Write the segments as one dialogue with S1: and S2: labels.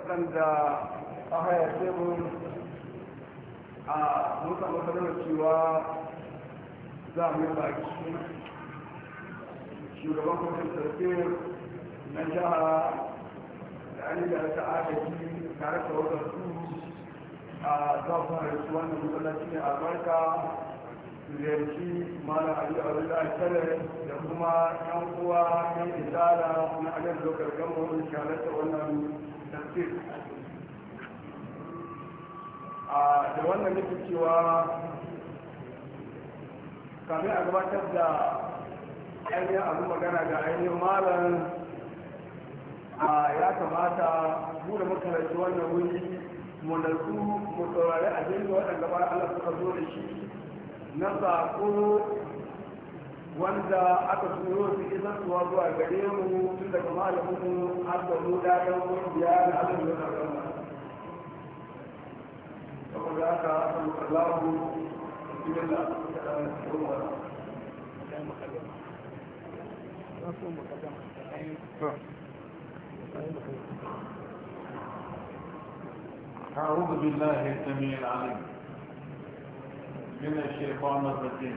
S1: waɗanda a hayace mu a musa matsalar cewa za mu yi baki shugaban kwamfin sarfiyar na jiha da an yi da ta agaji tare da wadda su a zafin rasuwan da shi ne a barka ziyarci mana a yi a abin da da kuma yan uwa yan isara na ajiyar lokacin gama wani shahararta wannan a da wannan nufin cewa kamar a gabatar da ainihin abin magana ga ainihin malam a ya kamata mu da makaranci wannan wuri mu nazu mu saurari abin da wadanda bayan Allah suka zo da shi na saƙo wanda aka turo su isan suwa zuwa gare mu tun daga malamin har da mu da ɗan kungiya na abin da zaka ma saboda haka aka kallahu cikin da
S2: أعوذ بالله السميع العليم من الشيطان الرجيم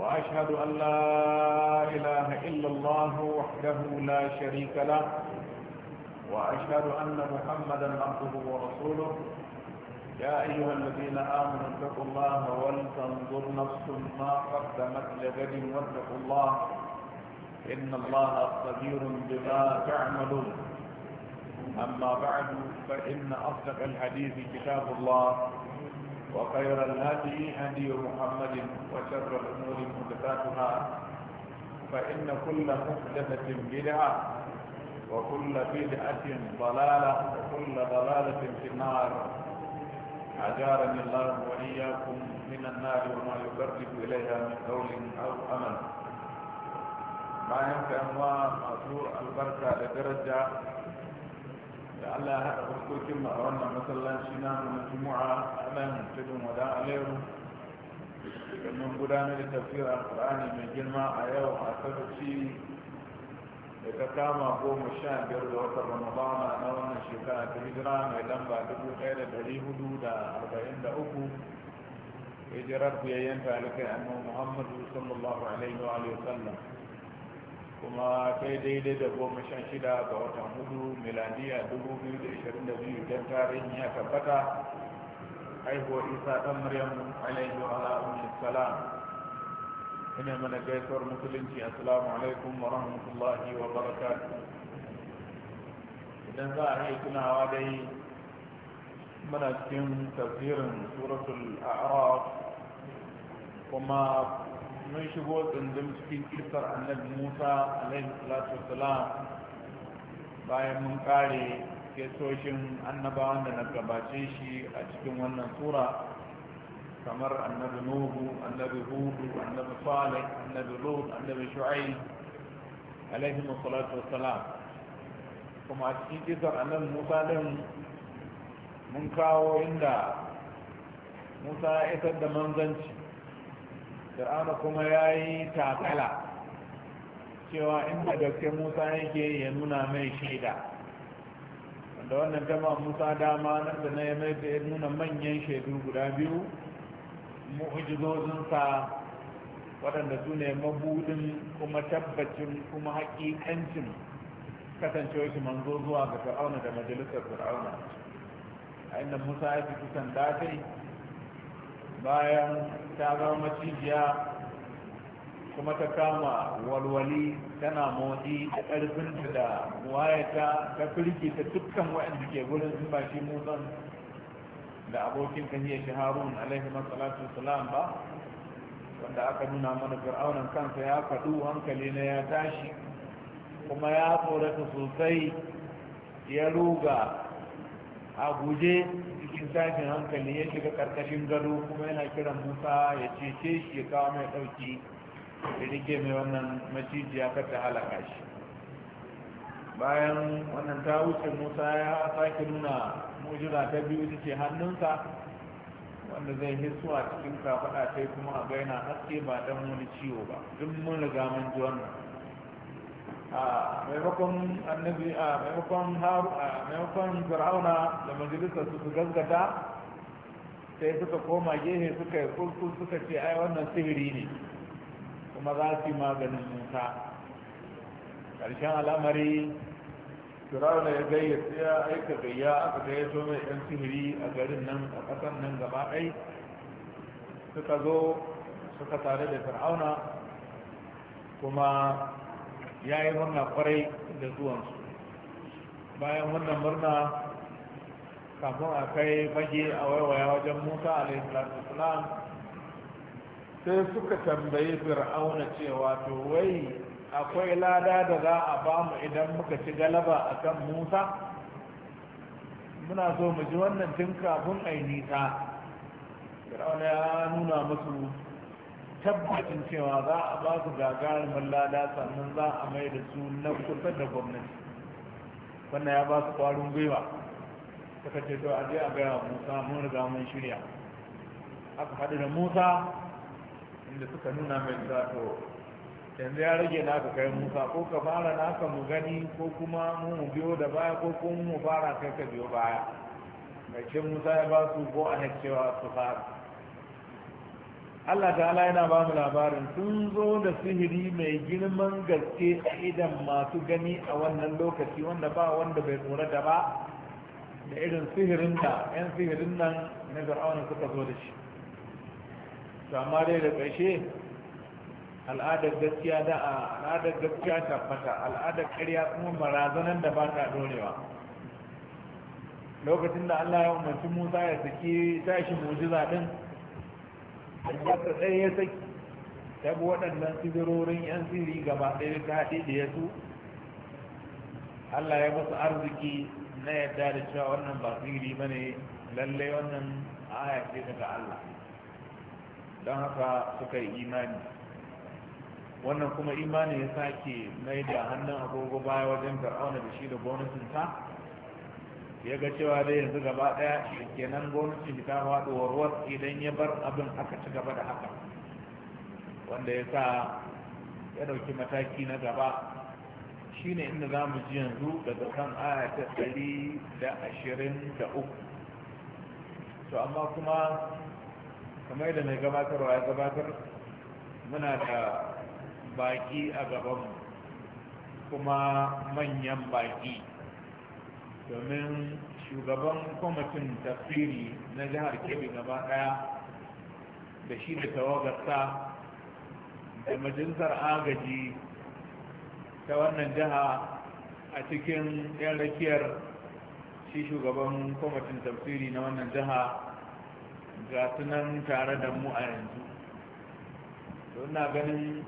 S2: وأشهد أن لا إله إلا الله وحده لا شريك له وأشهد أن محمدا عبده ورسوله يا أيها الذين آمنوا اتقوا الله ولتنظر نفس ما قدمت لغد واتقوا الله إن الله خبير بما تعملون أما بعد فإن أصدق الحديث كتاب الله وخير الهدي هدي محمد وشر الأمور محدثاتها فإن كل محدثة بدعة وكل بدعة ضلالة وكل ضلالة في النار أجارني الله وإياكم من النار وما يقرب إليها من قول أو أمل ما ينفع الله مأثور البركة لدرجة Allah ya haɗa fuskokin mu a wannan masallaci na na Juma'a a nan tudun wada Aleru domin gudanar da tafiyar Alƙur'ani mai girma a yau a sabaci da ta kama goma sha biyar da watan Ramadana na wannan shekara ta hijira mai lamba dubu ɗaya da ɗari hudu da arba'in da uku hijirar biyayyen talibai annabi Muhammadu sallallahu alaihi wa sallam kuma sai daidai da goma shan shida ga watan hudu miladiya 2022 don tarihin ya tabbata haihuwar isa ɗan maryam alaihi wa ala salam ina mana gaisuwar musulunci assalamu alaikum wa rahmatullahi wa barakatuh idan za a iya tunawa dai muna cikin tafsirin suratul a'raf kuma mun shigo tsundum cikin kisar annabi musa alaihi salatu wasalam bayan mun kare kesoshin annabawan da na gabace shi a cikin wannan sura kamar annabi nuhu annabi hudu annabi salih annabi lut annabi shu'aib alaihi salatu wasalam kuma a cikin kisar annan musa din mun kawo inda musa ya isar da manzanci fir'auna kuma ya yi takala cewa inda gaske musa yake ya nuna mai shaida da wannan jama'a musa dama nan da na ya nuna manyan shaidu guda biyu mu'ujizozinsa waɗanda su ne mabudin kuma tabbacin kuma haƙiƙancin kasancewa shi manzo zuwa ga fir'auna da majalisar fir'auna a inda musa ya fi kusan datai bayan ta zama macijiya kuma ta kama walwali tana motsi da ƙarfin da wayata ta firki ta dukkan waɗanda ke gurin sun ba shi musan da abokin tahiyar shi harun alaihi masalatu salam ba wanda aka nuna mana fir'aunan kansa ya faɗu hankali na ya tashi kuma ya tsorata sosai ya ruga a guje cikin tashin hankali ya shiga karkashin gado kuma yana kiran musa ya cece shi ya kawo mai ɗauki da rike mai wannan macijiya kar ta halaka shi bayan wannan ta wuce musa ya sake nuna mujira ta biyu ta ce hannunsa wanda zai hisu a cikin kafaɗa sai kuma a gaina haske ba dan wani ciwo ba duk mun riga mun ji wannan a ah, maimakon annabi a ah, maimakon a ah, maimakon fir'auna da majalisar su su gaskata sai suka koma gehe suka yi kurku suka ce ai wannan sihiri ne kuma za su yi maganin musa ƙarshen al'amari fir'auna ya gayyace ya aika gayya aka gayyato mai ɗan sihiri a garin nan a ƙasan nan gaba ɗai suka zo suka tare da fir'auna kuma ya yi murna kwarai da zuwansu bayan wannan murna kafin a kai bage a waiwaya wajen musa laifin sai suka tambayi fir'auna cewa to wai akwai lada da za a ba mu idan muka ci galaba a kan musa muna so mu ji wannan tun kafin a yi nisa fir'auna ya nuna musu tabbacin cewa za a ba su gagarin lada sannan za a mai da su na kusa da gwamnati wannan ya ba su kwarin gwiwa suka ce to a je a gaya musa mun riga mun shirya aka haɗu da musa inda suka nuna mai zato yanzu ya rage ka kai musa ko ka fara ka mu gani ko kuma mu mu biyo da baya ko kuma mu fara kai ka biyo baya mai ce musa ya ba su ko a cewa su fara Allah ta'ala yana ba mu labarin sun zo da sihiri mai girman gaske a idan masu gani a wannan lokaci wanda ba wanda bai da ba da irin sihirin da 'yan sihirin nan na fir'auna suka zo da shi to amma dai da ƙarshe al'adar gaskiya da a al'adar gaskiya tabbata al'adar ƙarya kuma barazanan da ba ta dorewa lokacin da Allah ya umarci Musa ya saki tashi mu'jiza din albasa ɗaya ya sai ta bi waɗannan sidirorin yan siri gaba ɗaya ta haɗe da ya su allah ya masu arziki na yadda da cewa wannan ba siri ba ne lallai wannan aya ce daga allah don haka suka yi imani wannan kuma imani ya sake mai da hannun agogo baya wajen fir'auna da shi da gwamnatinsa ya ga cewa dai yanzu gaba daya kenan gwamnatin ta faɗi warwar idan ya bar abin aka ci gaba da haka wanda ya sa ya ɗauki mataki na gaba shine inda za mu ji yanzu daga kan aya ta ɗari da ashirin da uku to amma kuma kamar yadda mai gabatarwa ya gabatar muna da baki a gabanmu kuma manyan baki domin shugaban kwamitin tafsiri na jihar kebbi gaba daya da shi da tawagarsa da majalisar agaji ta wannan jiha a cikin yan rakiyar shi shugaban kwamitin tafsiri na wannan jiha ga sunan tare da mu a yanzu na ganin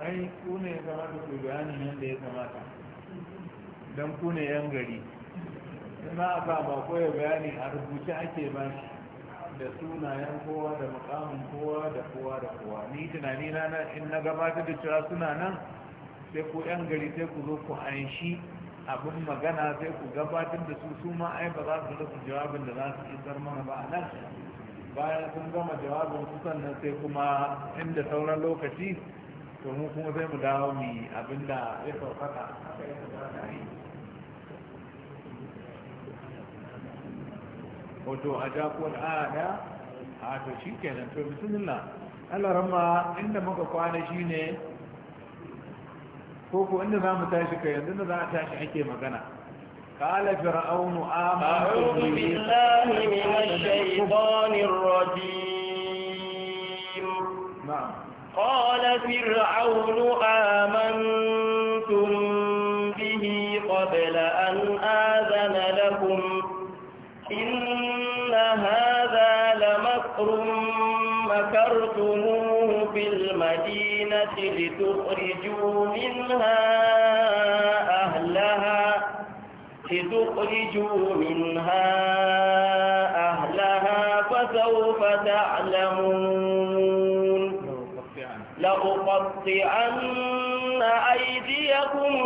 S2: ai ku ne ya kamata ku bayanin yadda ya kamata don ku yan gari ina ba ba koya bayani a rubuce ake ba shi da sunayen kowa da makamun kowa da kowa da kowa ni tunani na in na gabatar da cewa suna nan sai ku yan gari sai ku zo ku anshi abin magana sai ku gabatar da su su ma ai ba za su rasa jawabin da za su isar mana ba a nan bayan sun gama jawabin su sannan sai kuma inda sauran lokaci to mu kuma sai mu dawo mu abinda ya saukaka
S1: wato a jakuwar ada
S2: a to shi ke nan, to bisimila. Allah rama inda muka kwana shi ne ko ko inda za mu tashi kai yanzu da za a tashi ake magana قال فرعون آمنت بالله من الشيطان الرجيم
S1: قال فرعون آمنتم به قبل أن آذن لكم إن هذا لمكر مكرتموه في المدينة لتخرجوا منها أهلها لتخرجوا منها لأقطعن أيديكم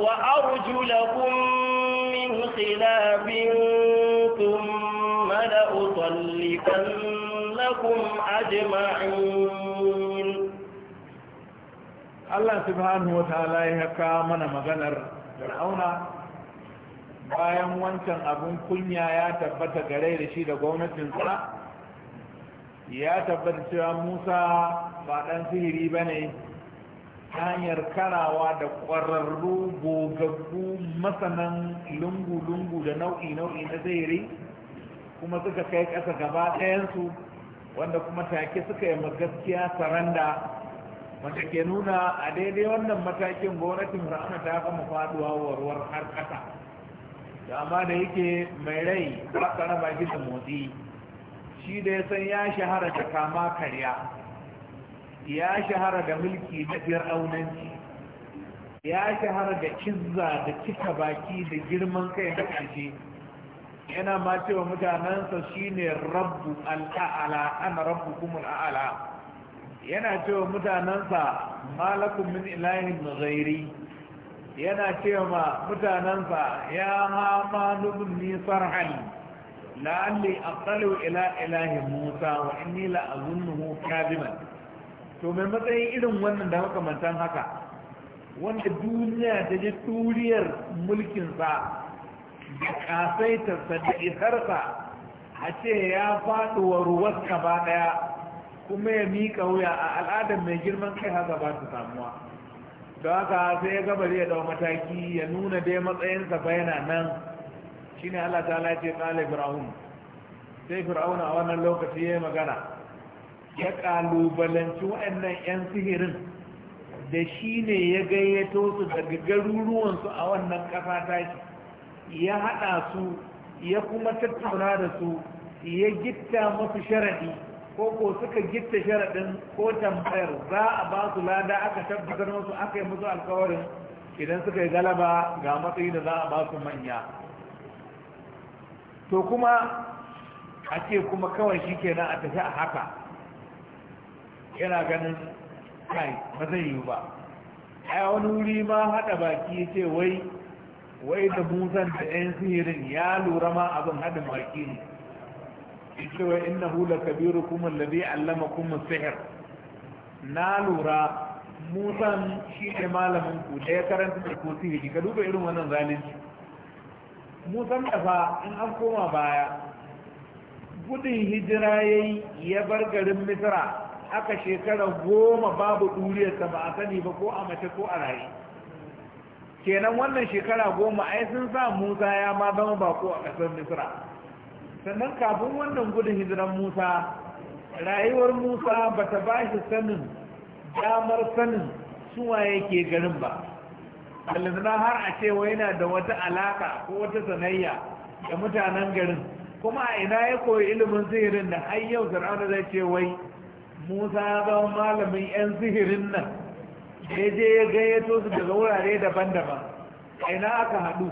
S1: وأرجلكم من خلاف ثم لأصلبنكم أجمعين
S2: Allah subhanahu wa ta'ala ya kawo mana maganar fir'auna bayan wancan abin kunya ya tabbata gare da shi da gwamnatin sa ya tabbata cewa Musa ba ɗan sihiri ba ne hanyar karawa da ƙwararru gogaggu masanan lungu-lungu da nau'i-nau'i na sihiri kuma suka kai ƙasa gaba ɗayansu wanda kuma take suka yi gaskiya saranda wanda ke nuna a daidai wannan matakin gwamnatin rahama ta kama faduwa warwar har ƙasa da amma da yake mai rai ba raba shi motsi shi da ya san ya shahara da kama karya ya shahara da mulki na fir'aunanci ya shahara da kizza da cika baki da girman kai na ƙarshe yana ma cewa mutanensa shine rabbu al'a'ala ana rabbu kuma al'a'ala yana cewa mutanensa malakun min ilahin ghairi yana cewa ma mutanensa ya hama nubin nisar hali la'alli aqalu ila ilahi musa wa inni la'azunnuhu kadiban to mai matsayin irin wannan da makamantan haka wanda duniya ta ji turiyar mulkinsa da kasaitarsa da isarsa a ce ya wa ruwas gaba ɗaya kuma ya miƙa wuya a al'adar mai girman kai haka ba su samuwa da haka sai ya gaba zai dau mataki ya nuna dai matsayinsa bayana yana nan shine Allah ta lafiya qala fir'aun sai fir'auna a wannan lokaci ya yi magana ya kalubalanci waɗannan 'yan sihirin da shi ne ya gayyato su daga garuruwansu a wannan ƙasa tashi ya haɗa su ya kuma tattauna da su ya gitta masu sharaɗi ko ko suka gitta sharaɗin ko tambayar za a ba su lada aka tabbatar musu aka yi musu alkawarin idan suka yi galaba ga matsayi da za a ba su manya to kuma a kuma kawai shi kenan a tafi a haka yana ganin kai ba zai yi ba ai wani wuri ma hada baki ce wai wai da musan da yan sihirin ya lura ma abin hadin baki ne yace wai Kabiru kuma alladhi allamakum kuma sihr na lura musan shi ne malamin ku da ya karanta da ku sihiri ka duba irin wannan zalunci musan da fa in an koma baya gudun hijira yayi ya bar garin misra aka shekara goma babu ɗuriyarsa ba a sani ba ko a mace ko a raye kenan wannan shekara goma ai sun sa musa ya ma zama bako a ƙasar misra sannan kafin wannan gudun hijiran musa rayuwar musa ba ta ba shi sanin damar sanin suwa yake garin ba alazina har a cewa yana da wata alaka ko wata sanayya da mutanen garin kuma a ina ya koyi ilimin sihirin da har yau zara'ana zai ce wai musa ya zama malamin 'yan sihirin nan ya je ya gayyato su daga wurare daban-daban aina aka haɗu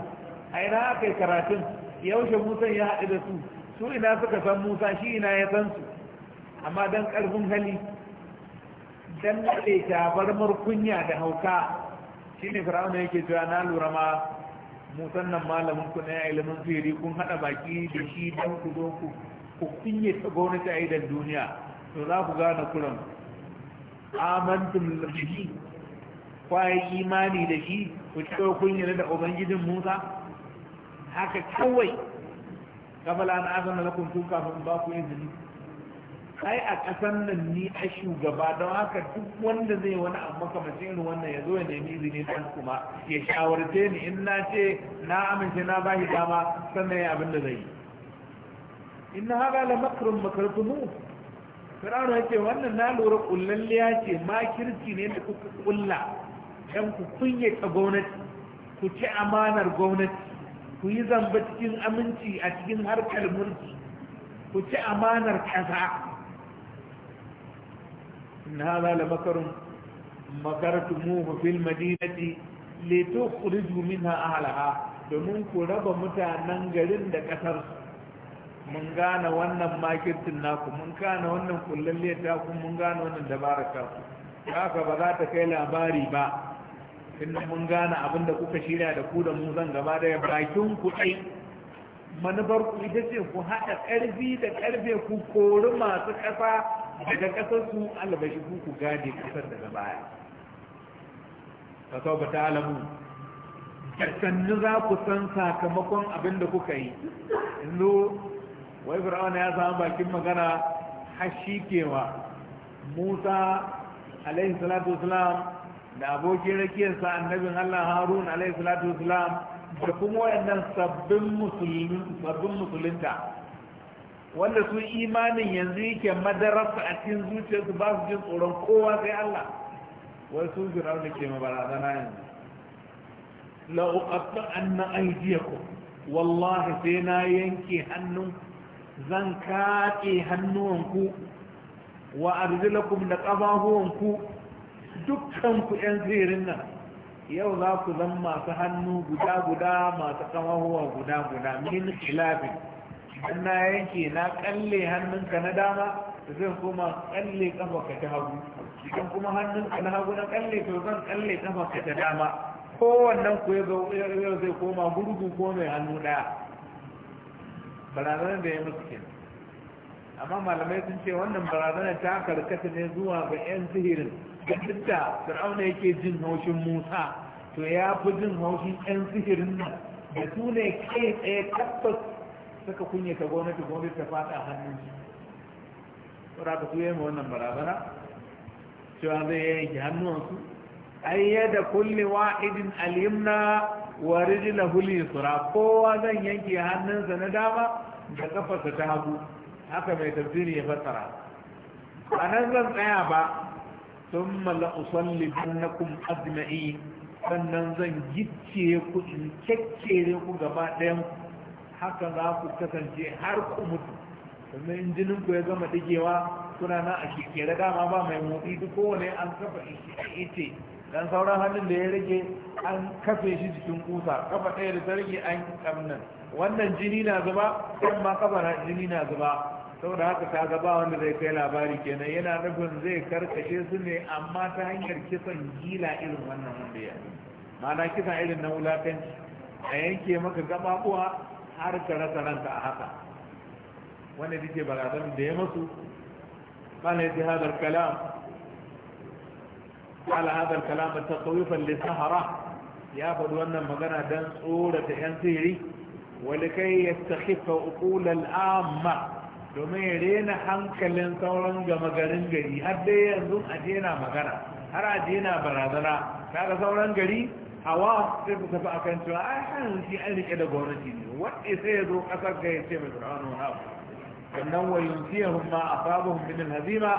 S2: aina aka yi karatun yaushe musa ya haɗu da su su ina suka san musa shi ina ya san su amma don ƙarfin hali don naɗe shafar kunya da hauka shi ne fir'auna yake cewa na lura ma musan nan malamin ku na ilimin sihiri kun haɗa baki da shi don ku zo ku ku kunye ta gwamnati a idan duniya to za ku gane kuran amantum bihi kwaye imani da shi ku cewa kun yi da ubangijin musa haka kawai kabala an azana lakum tun kafin ba ku izini kai a kasan nan ni a shugaba don haka duk wanda zai wani abu makamashin irin wannan ya zo ya nemi izini don kuma ya shawarce ni in na ce na amince na ba shi dama sannan ya abin da zai yi in na haka la makarun makarfinu fir'auna ya ce wannan na lura kullalliya ce kirki ne da kuka kulla dan ku kunyata gwamnati ku ci amanar gwamnati ku yi zamba cikin aminci a cikin harkar mulki ku ci amanar kasa in hada la makarun makartumuhu fil madinati li tukhriju minha ahliha domin ku raba mutanen garin da kasarsu mun gane wannan makircin naku mun gane wannan kullalliyar taku mun gane wannan dabarar taku haka ba za ta kai labari ba inda mun gane abin da kuka shirya da ku da mu zan gaba daya bakin ku ai manufar ku ita ce ku haɗa ƙarfi da ƙarfe ku kori masu ƙasa daga ƙasar su albashi ku ku gane ƙasar daga baya kasau ba ta alamu sannu za ku san sakamakon abin da kuka yi wai fir'auna ya samu bakin magana hashi musa alaihi salatu wasalam da abokin rakiyarsa annabin allah harun alaihi salatu wasalam da kuma wayannan sabbin musulunta wanda su imanin yanzu yake madarasa a cikin zuciyarsu ba su jin tsoron kowa sai allah wai su fir'auna ke mabarazana yanzu la'uƙatta annan aidiyakum wallahi sai na yanke hannunku zan kaɗe hannuwanku wa arzilakum da ƙafafuwanku dukkanku 'yan tsirin nan yau za ku zan masu hannu guda-guda masu ƙafafuwa guda-guda min khilafin dan na yanke na kalle hannunka na dama zan kuma kalle kafarka ta hagu idan kuma hannunka na hagu na kalle to zan kalle kafarka ta dama kowannen ku ya zai koma gurgu ko mai hannu ɗaya barazanar da ya mutu ke amma malamai sun ce wannan barazanar ta karkata ne zuwa ga 'yan sihirin da duk fir'auna yake jin haushin musa to ya fi jin haushin 'yan sihirin nan da su ne kai tsaye tabbas suka kunyata gwamnati gwamnati ta fada hannun shi saboda ka su yi wannan barazana cewa zai yanke hannuwansu ayyada kulli wa'idin alimna wa rijlahu lisra kowa zan yanke hannunsa na dama da kafarsa ta hagu haka mai tafsiri ya fassara anan zan tsaya ba usalli لأصلبنكم أجمعين sannan zan gicce ku in kekkere ku gaba ɗayan haka za ku kasance har ku mutu sannan injinin ku ya gama digewa kuna na a kekere dama ba mai motsi duk kowane an kafa ita. dan sauran hannun da ya rage an kafe shi cikin kusa kafa ɗaya da ta rage an kamnan wannan jini na zuba ɗan ma kafa jini na zuba saboda haka ta gaba wanda zai kai labari kenan yana nufin zai karkashe su ne amma ta hanyar kisan gila irin wannan wanda ya mana kisa irin na wulakanci a yanke maka gababuwa har ka rasa ranka a haka wanda take barazanar da ya masu mana ya hadar kalam على هذا الكلام التطويف اللي سهرة يا بدو أن مغنى دان سورة ينسيري ولكي يستخف أقول الآمة دمين حنك لنطولن جمغرين جري هدى يندون أجينا مغنى هر أجينا برادنا كاغا صولن جري حواف تبقى فأكنتوا أحن في ألك إلى قرنتين وإسيدوا أسرقين سيبت رانو هاو sannan wa yunsiyahum ma asabahum min al-hazima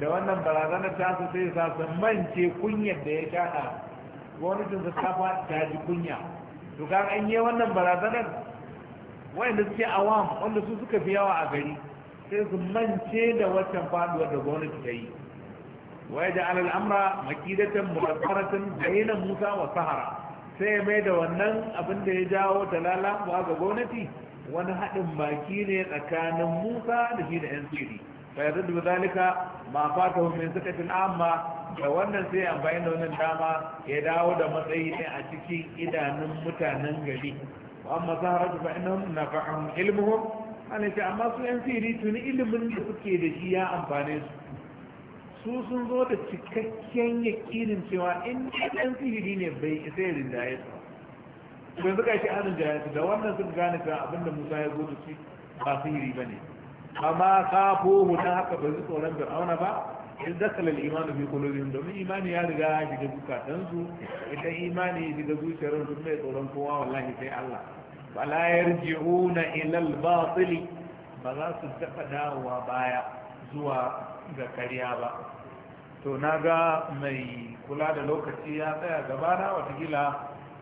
S2: da wannan barazanar ta su sai sa su mance kunyar da ya shaka wani su ta fa ta ji kunya to ga an yi wannan barazanar wanda suke awam wanda su suka fi yawa a gari sai su mance da waccan faduwar da gwamnati ta yi waya da alal amra makidatan mutaffaratan bayna musa wa sahara sai mai da wannan abin da ya jawo talala ga gwamnati wani haɗin baki ne tsakanin musa da shi da yan siri ba yanzu da zalika ma fata suka fi amma da wannan sai amfani da wannan dama ya dawo da matsayi ne a cikin idanun mutanen gari amma saharatu fa na nafa'ahum ilmuhum ana ce amma su yan siri tuni ilimin da suke da shi ya amfane su su sun zo da cikakken yakinin cewa in ɗan siri ne bai isa ya rinjaye su sai suka shi anin yanzu, da wannan sun gane ka abinda Musa ya zo da shi ba su ba ne. amma kafuhu dan haka ba su tsoron auna ba in dakala al-iman fi domin imani ya riga ya shiga zukatan su idan imani ya shiga zuciyar su mai tsoron kowa wallahi sai Allah bala yarji'una ila al-batil ba za su dafa dawowa baya zuwa ga kariya ba to naga mai kula da lokaci ya tsaya gabana gila.